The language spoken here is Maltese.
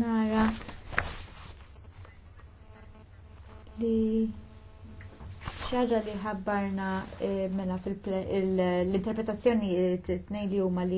nara li xaġa li ħabbarna eh, mela fil-interpretazzjoni t-tnej li huma li